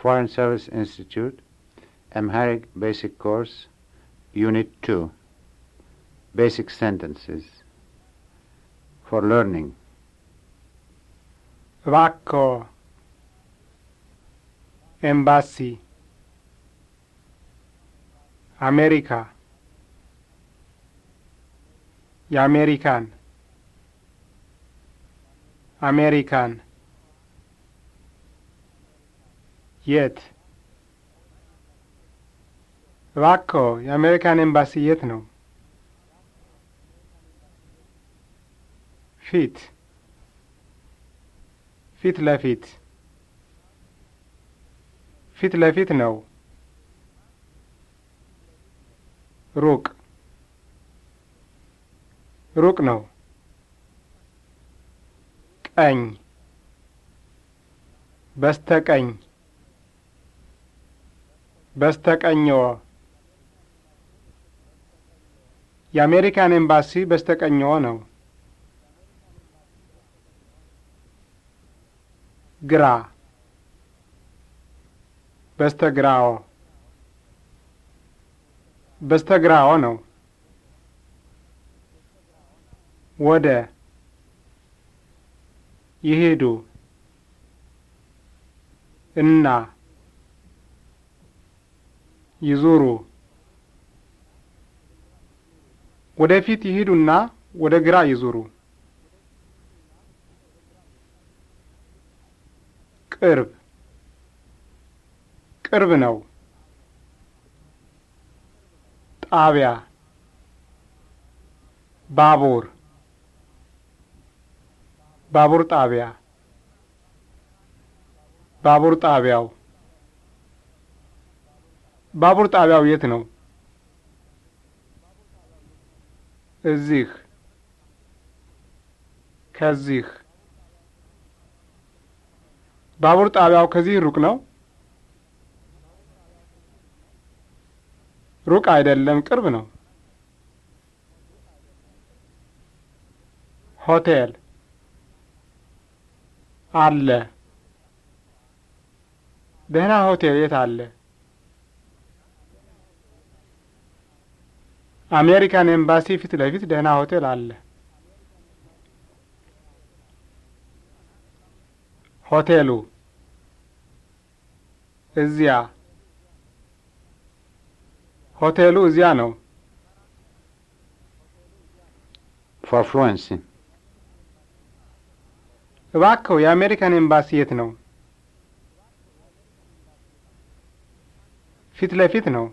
Foreign Service Institute, Amharic Basic Course, Unit 2, Basic Sentences for Learning. Vaco. Embassy America American American የት? እባክዎ የአሜሪካን ኤምባሲ የት ነው? ፊት ፊት ለፊት ፊት ለፊት ነው። ሩቅ ሩቅ ነው። ቀኝ በስተቀኝ በስተቀኝዎ የአሜሪካን ኤምባሲ በስተቀኝዎ ነው። ግራ በስተግራዎ በስተግራዎ ነው። ወደ ይሄዱ እና ይዙሩ። ፊት ይሂዱና ወደ ግራ ይዙሩ። ቅርብ ቅርብ ነው። ጣቢያ ባቡር ባቡር ጣቢያ ባቡር ጣቢያው ባቡር ጣቢያው የት ነው? እዚህ ከዚህ ባቡር ጣቢያው ከዚህ ሩቅ ነው? ሩቅ አይደለም፣ ቅርብ ነው። ሆቴል አለ። ደህና ሆቴል የት አለ? አሜሪካን ኤምባሲ ፊት ለፊት ደህና ሆቴል አለ። ሆቴሉ እዚያ ሆቴሉ እዚያ ነው። ፋፍሮንሲ እባክዎ የአሜሪካን ኤምባሲ የት ነው? ፊት ለፊት ነው።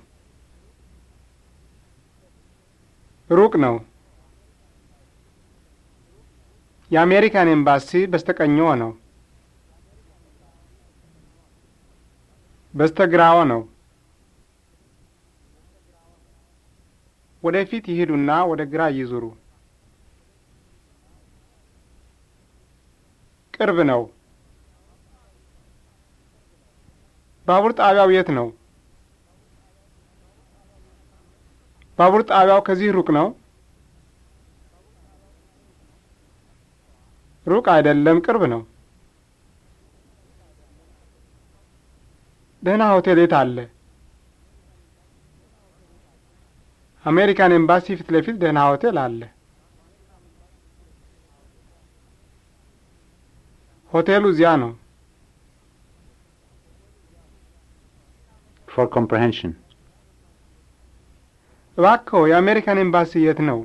ሩቅ ነው። የአሜሪካን ኤምባሲ በስተቀኝ ነው። በስተግራዎ ነው። ወደፊት ይሄዱና ወደ ግራ ይዙሩ። ቅርብ ነው። ባቡር ጣቢያው የት ነው? ባቡር ጣቢያው ከዚህ ሩቅ ነው? ሩቅ አይደለም፣ ቅርብ ነው። ደህና ሆቴል የት አለ? አሜሪካን ኤምባሲ ፊት ለፊት ደህና ሆቴል አለ። ሆቴሉ እዚያ ነው። ፎር ኮምፕሬንሽን እባክዎ የአሜሪካን ኤምባሲ የት ነው?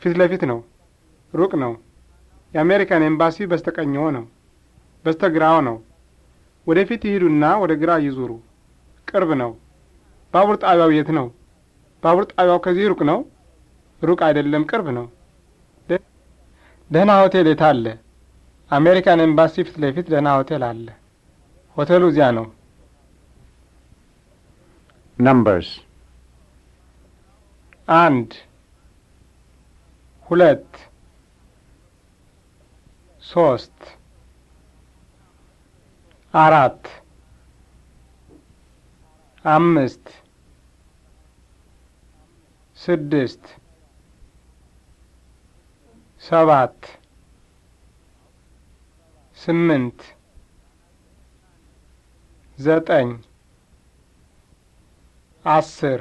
ፊት ለፊት ነው። ሩቅ ነው። የአሜሪካን ኤምባሲ በስተቀኝዎ ነው። በስተ ነው። ወደ ፊት ይሂዱና ወደ ግራ ይዙሩ። ቅርብ ነው። ባቡር ጣቢያው የት ነው? ባቡር ጣቢያው ከዚህ ሩቅ ነው? ሩቅ አይደለም፣ ቅርብ ነው። ደህና ሆቴል የት አለ? አሜሪካን ኤምባሲ ፊት ለፊት ደህና ሆቴል አለ። ሆቴሉ እዚያ ነው። ነምበርስ አንድ ሁለት ሶስት አራት አምስት ስድስት ሰባት ስምንት ዘጠኝ አስር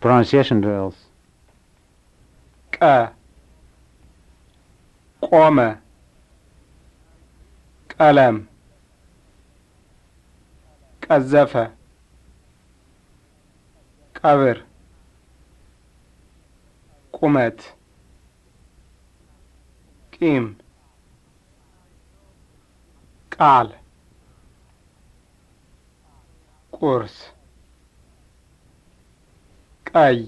pronunciation drills. K, Kwame, Kalam, Kazafa, Kavir, Kumet, Kim, Kal, Kurs. ቀይ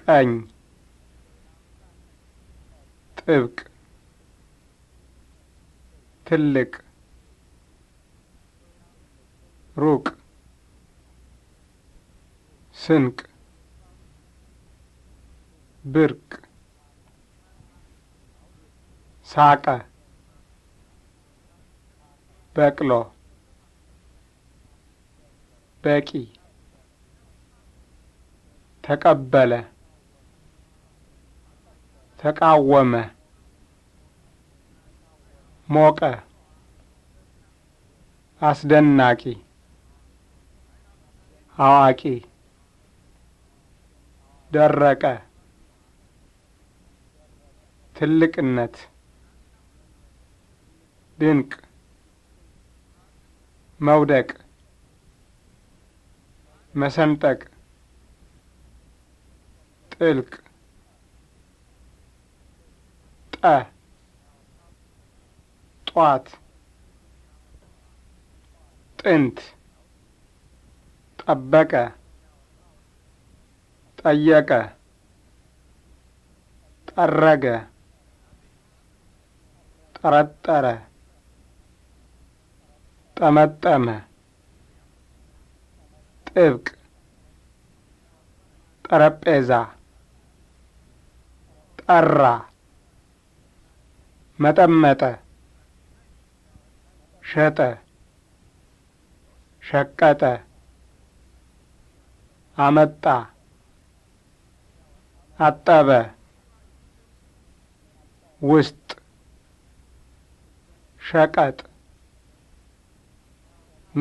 ቀኝ ጥብቅ ትልቅ ሩቅ ስንቅ ብርቅ ሳቀ በቅሎ በቂ ተቀበለ ተቃወመ ሞቀ አስደናቂ አዋቂ ደረቀ ትልቅነት ድንቅ መውደቅ መሰንጠቅ إلك تا طوات تنت طبقة طيقة طرقة طرطرة طمطمة طبق ጠረጴዛ ጠራ መጠመጠ ሸጠ ሸቀጠ አመጣ አጠበ ውስጥ ሸቀጥ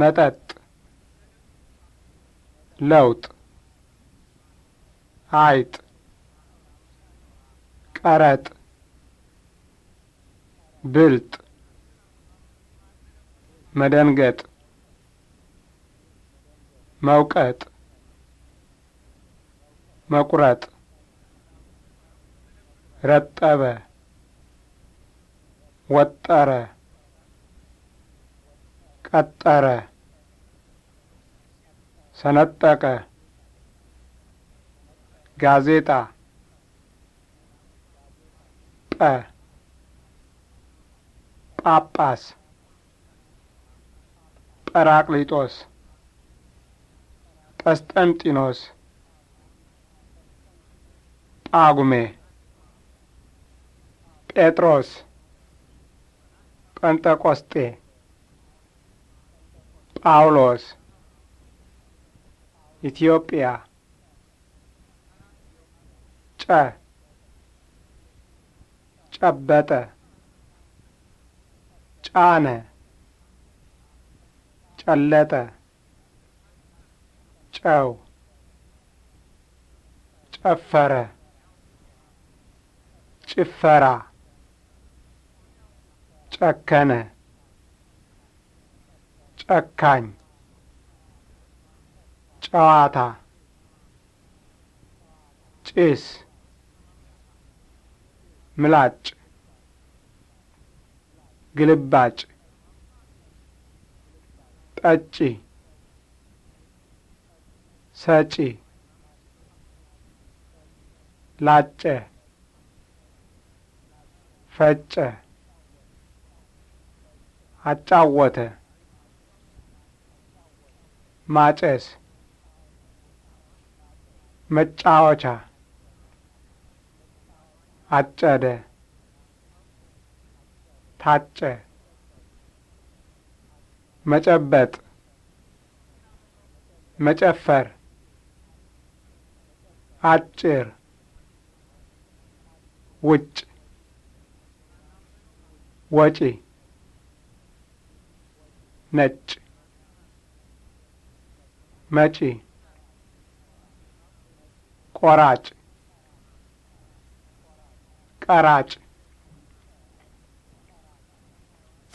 መጠጥ ለውጥ አይጥ ቀረጥ ብልጥ መደንገጥ መውቀጥ መቁረጥ ረጠበ ወጠረ ቀጠረ ሰነጠቀ ጋዜጣ ጰ ጳጳስ ጰራቅሊጦስ ጰስጠንጢኖስ ጳጉሜ ጴጥሮስ ጰንጠቆስጤ ጳውሎስ ኢትዮጵያ ጨ ጨበጠ ጫነ ጨለጠ ጨው ጨፈረ ጭፈራ ጨከነ ጨካኝ ጨዋታ ጭስ ምላጭ ግልባጭ ጠጪ ሰጪ ላጨ ፈጨ አጫወተ ማጨስ መጫወቻ አጨደ ታጨ መጨበጥ መጨፈር አጭር ውጭ ወጪ ነጭ መጪ ቆራጭ ቀራጭ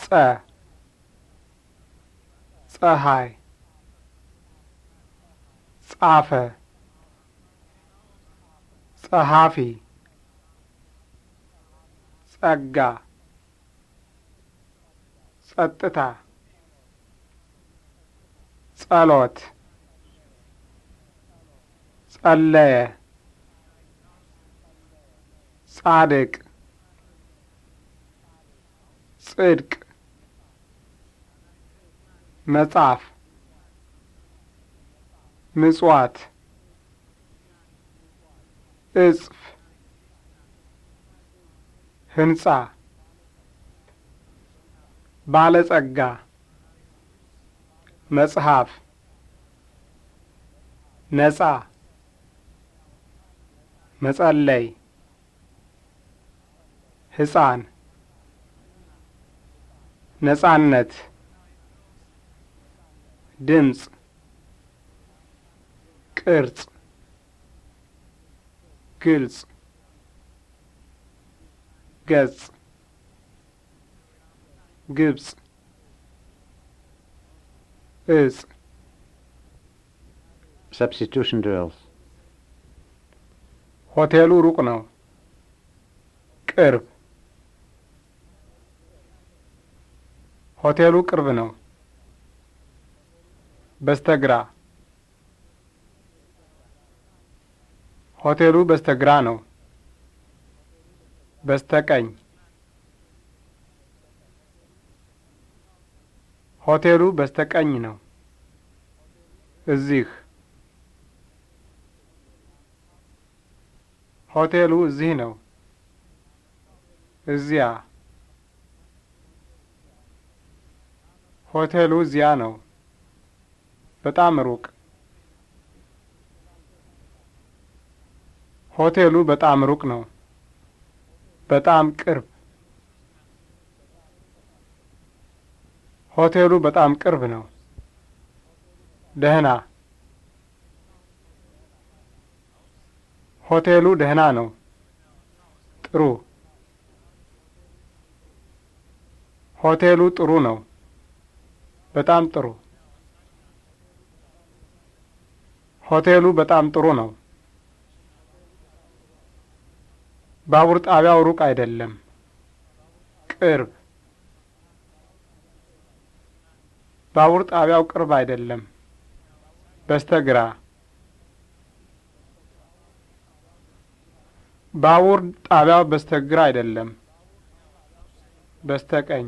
ጸ ፀሐይ ጻፈ ጸሐፊ ጸጋ ጸጥታ ጸሎት ጸለየ ጻድቅ ጽድቅ መጽሐፍ ምጽዋት እጽፍ ህንጻ ባለጸጋ መጽሐፍ ነጻ መጸለይ ህፃን ነጻነት ድምፅ ቅርጽ ግልጽ ገጽ ግብጽ እጽ Substitution drills. ሆቴሉ ሩቅ ነው። ቅርብ ሆቴሉ ቅርብ ነው። በስተግራ ሆቴሉ በስተግራ ነው። በስተቀኝ ሆቴሉ በስተቀኝ ነው። እዚህ ሆቴሉ እዚህ ነው። እዚያ ሆቴሉ እዚያ ነው። በጣም ሩቅ። ሆቴሉ በጣም ሩቅ ነው። በጣም ቅርብ። ሆቴሉ በጣም ቅርብ ነው። ደህና። ሆቴሉ ደህና ነው። ጥሩ። ሆቴሉ ጥሩ ነው። በጣም ጥሩ። ሆቴሉ በጣም ጥሩ ነው። ባቡር ጣቢያው ሩቅ አይደለም፣ ቅርብ። ባቡር ጣቢያው ቅርብ አይደለም፣ በስተግራ። ባቡር ጣቢያው በስተግራ አይደለም፣ በስተቀኝ።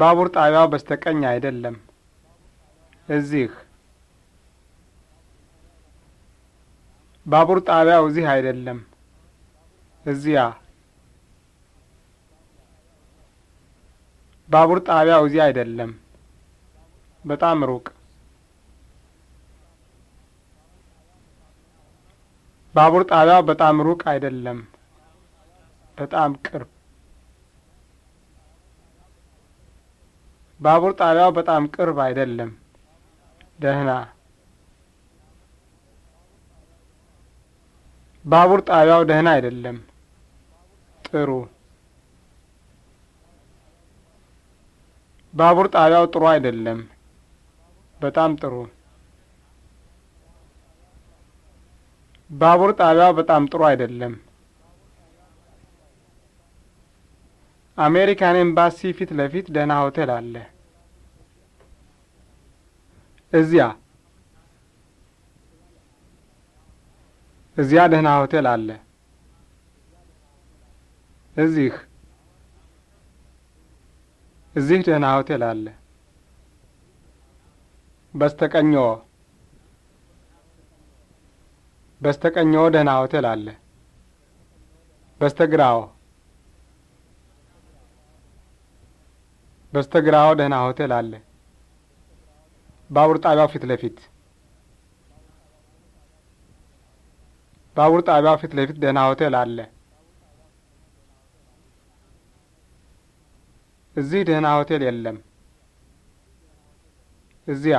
ባቡር ጣቢያው በስተቀኝ አይደለም። እዚህ ባቡር ጣቢያው እዚህ አይደለም። እዚያ ባቡር ጣቢያው እዚህ አይደለም። በጣም ሩቅ ባቡር ጣቢያው በጣም ሩቅ አይደለም። በጣም ቅርብ ባቡር ጣቢያው በጣም ቅርብ አይደለም። ደህና ባቡር ጣቢያው ደህና አይደለም። ጥሩ ባቡር ጣቢያው ጥሩ አይደለም። በጣም ጥሩ ባቡር ጣቢያው በጣም ጥሩ አይደለም። አሜሪካን ኤምባሲ ፊት ለፊት ደህና ሆቴል አለ። እዚያ እዚያ ደህና ሆቴል አለ። እዚህ እዚህ ደህና ሆቴል አለ። በስተቀኝዎ በስተቀኝዎ ደህና ሆቴል አለ። በስተግራዎ በስተግራው ደህና ሆቴል አለ። ባቡር ጣቢያው ፊት ለፊት ባቡር ጣቢያው ፊት ለፊት ደህና ሆቴል አለ። እዚህ ደህና ሆቴል የለም። እዚያ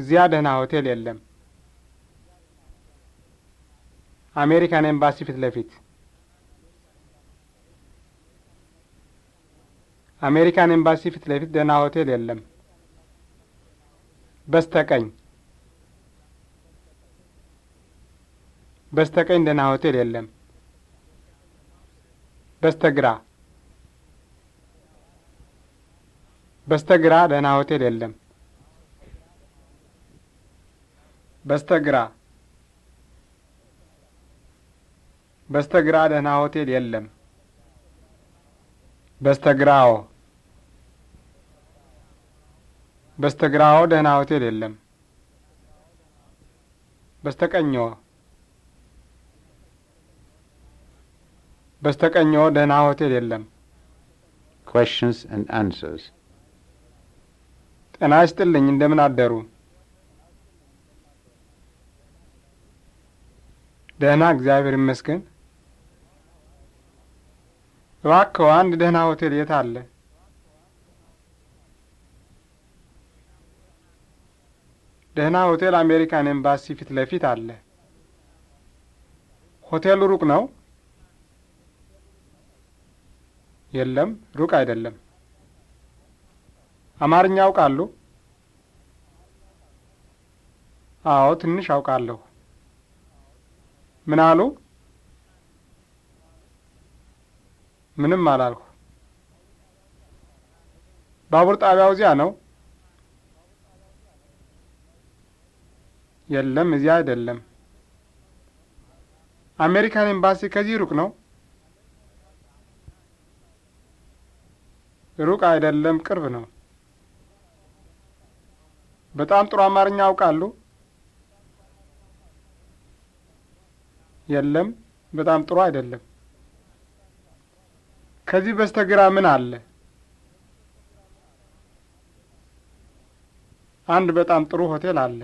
እዚያ ደህና ሆቴል የለም። አሜሪካን ኤምባሲ ፊት ለፊት አሜሪካን ኤምባሲ ፊት ለፊት ደህና ሆቴል የለም። በስተቀኝ በስተቀኝ ደህና ሆቴል የለም። በስተግራ በስተግራ ደህና ሆቴል የለም። በስተግራ በስተግራ ደህና ሆቴል የለም። በስተግራው በስተግራው ደህና ሆቴል የለም። በስተቀኞ በስተቀኞ ደህና ሆቴል የለም። questions and answers ጤና ይስጥልኝ። እንደምን አደሩ? ደህና እግዚአብሔር ይመስገን። እባክዎ አንድ ደህና ሆቴል የት አለ? ደህና ሆቴል አሜሪካን ኤምባሲ ፊት ለፊት አለ። ሆቴሉ ሩቅ ነው? የለም፣ ሩቅ አይደለም። አማርኛ ያውቃሉ? አዎ፣ ትንሽ አውቃለሁ። ምን አሉ? ምንም አላልሁ። ባቡር ጣቢያው እዚያ ነው። የለም፣ እዚያ አይደለም። አሜሪካን ኤምባሲ ከዚህ ሩቅ ነው? ሩቅ አይደለም፣ ቅርብ ነው። በጣም ጥሩ አማርኛ አውቃሉ? የለም፣ በጣም ጥሩ አይደለም። ከዚህ በስተግራ ምን አለ? አንድ በጣም ጥሩ ሆቴል አለ።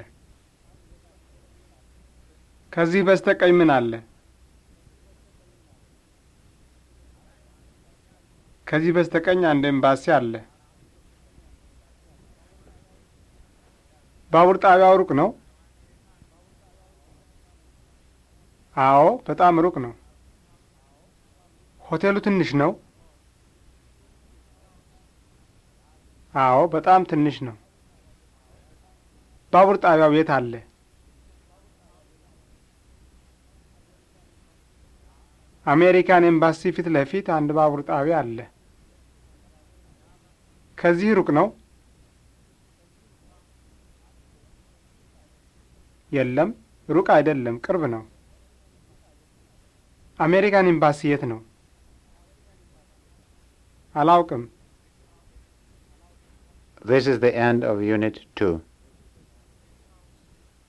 ከዚህ በስተቀኝ ምን አለ? ከዚህ በስተቀኝ አንድ ኤምባሲ አለ። ባቡር ጣቢያው ሩቅ ነው? አዎ፣ በጣም ሩቅ ነው። ሆቴሉ ትንሽ ነው? አዎ፣ በጣም ትንሽ ነው። ባቡር ጣቢያው የት አለ? አሜሪካን ኤምባሲ ፊት ለፊት አንድ ባቡር ጣቢያ አለ። ከዚህ ሩቅ ነው? የለም፣ ሩቅ አይደለም፣ ቅርብ ነው። አሜሪካን ኤምባሲ የት ነው? አላውቅም። This is the end of Unit 2.